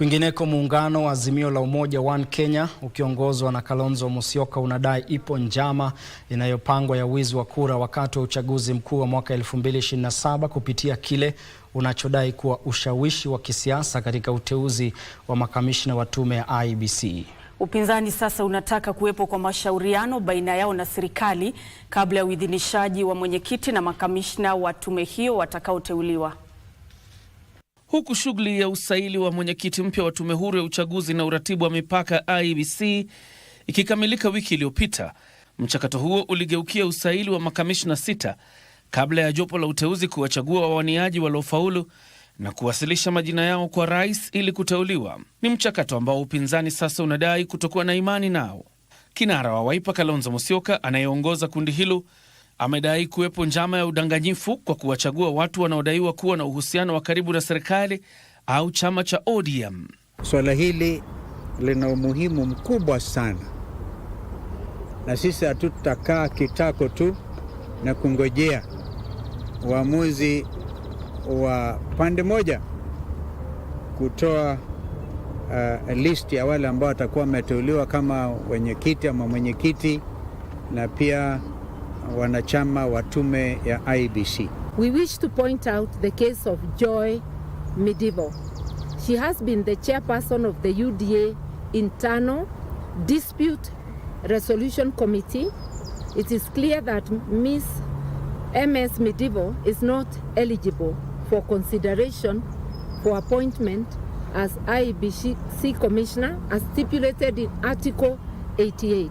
Kwingineko, muungano wa Azimio la Umoja One Kenya ukiongozwa na Kalonzo Musyoka unadai ipo njama inayopangwa ya wizi wa kura wakati wa uchaguzi mkuu wa mwaka 2027 kupitia kile unachodai kuwa ushawishi wa kisiasa katika uteuzi wa makamishna wa tume ya IEBC. Upinzani sasa unataka kuwepo kwa mashauriano baina yao na serikali kabla ya uidhinishaji wa mwenyekiti na makamishna wa tume hiyo watakaoteuliwa huku shughuli ya usaili wa mwenyekiti mpya wa tume huru ya uchaguzi na uratibu wa mipaka IEBC ikikamilika wiki iliyopita. Mchakato huo uligeukia usaili wa makamishna sita kabla ya jopo la uteuzi kuwachagua wawaniaji waliofaulu na kuwasilisha majina yao kwa rais ili kuteuliwa. Ni mchakato ambao upinzani sasa unadai kutokuwa na imani nao. Kinara wa Waipa, Kalonzo Musyoka anayeongoza kundi hilo amedai kuwepo njama ya udanganyifu kwa kuwachagua watu wanaodaiwa kuwa na uhusiano wa karibu na serikali au chama cha ODM. Swala hili lina umuhimu mkubwa sana, na sisi hatutakaa kitako tu na kungojea uamuzi wa pande moja kutoa uh, listi ya wale ambao watakuwa wameteuliwa kama wenyekiti ama mwenyekiti na pia wanachama wa tume ya IBC. We wish to point out the case of Joy Medivo. She has been the chairperson of the UDA internal dispute resolution committee. It is clear that Ms. MS Medivo is not eligible for consideration for appointment as IBC commissioner as stipulated in Article 88.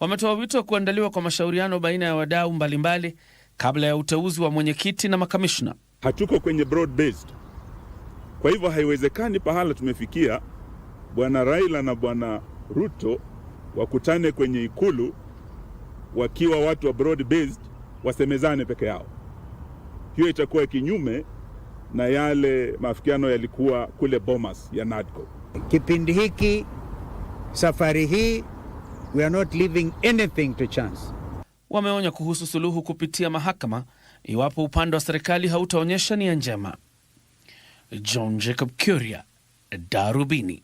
wametoa wito wa kuandaliwa kwa mashauriano baina ya wadau mbalimbali kabla ya uteuzi wa mwenyekiti na makamishna. Hatuko kwenye broad based, kwa hivyo haiwezekani pahala tumefikia bwana Raila na bwana Ruto wakutane kwenye ikulu wakiwa watu wa broad based, wasemezane peke yao. Hiyo itakuwa kinyume na yale maafikiano yalikuwa kule Bomas ya NADCO. Kipindi hiki safari hii We are not leaving anything to chance. Wameonya kuhusu suluhu kupitia mahakama iwapo upande wa serikali hautaonyesha nia njema. John Jacob Kuria, Darubini.